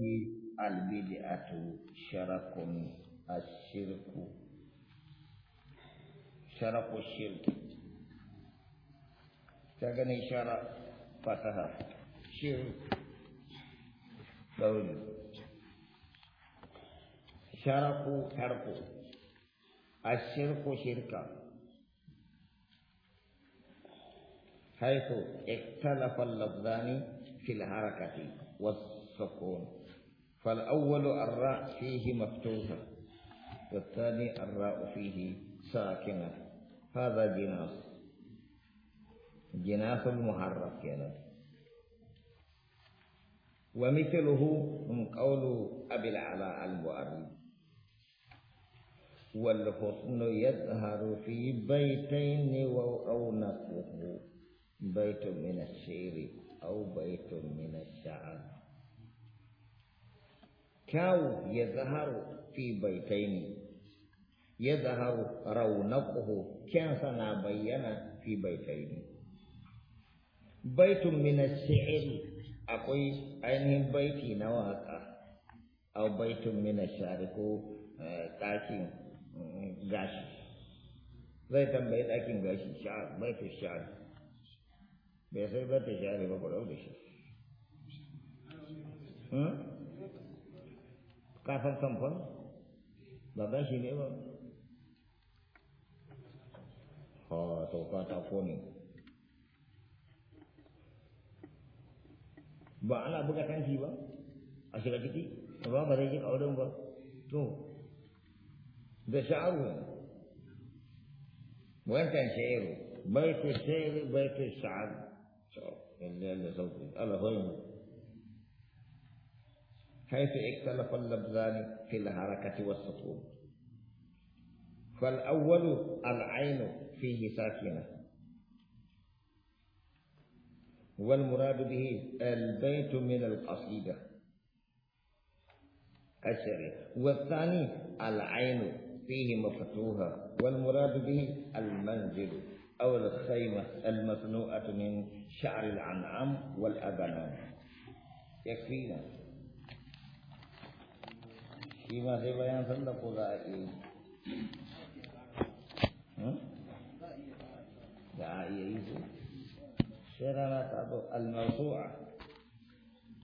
فيه البدعة شرك الشرك شرك الشرك تغني شرك فتح شرك قول شرك ترك الشرك شركا حيث اختلف اللفظان في الحركة والسكون فالأول الراء فيه مفتوحة والثاني الراء فيه ساكنة هذا جناس جناس المحرك يعني ومثله من قول أبي العلاء البؤري والحسن يظهر في بيتين أو وأونقه بيت من الشعر أو بيت من الشعر kyawu ya zaharu fi baitai ne, ya zaharu raunaquhu kyansa na bayyana fi baitai ne. baitun mina ash-shi'r akwai ainihin baiti na waka aw baitun mina ash-sha'ri ko eh, ɗakin mm, gashi zai tambayi ɗakin gashi sha'ar baitun sha'ar bai sai baitun sha'ar ba ku ɗau da shi hmm? ka san kamfan ba shi ne ba ha to ka ta ba ana buga tanki ba a kiti ciki ba ba zai ka kaurin ba to da sha'aru wancan sha'iru baitu sha'iru baitu sha'aru to Allah ya sauke Allah hoyi حيث اختلف اللفظان في الحركة والسطور فالأول العين فيه ساكنة والمراد به البيت من القصيدة الشريف والثاني العين فيه مفتوحة والمراد به المنزل أو الخيمة المصنوعة من شعر العنعم والأبنان يكفينا shi ma sai bayan sanda ko za a yi hmm? za a iya yi su sai rana ta zo almasu'a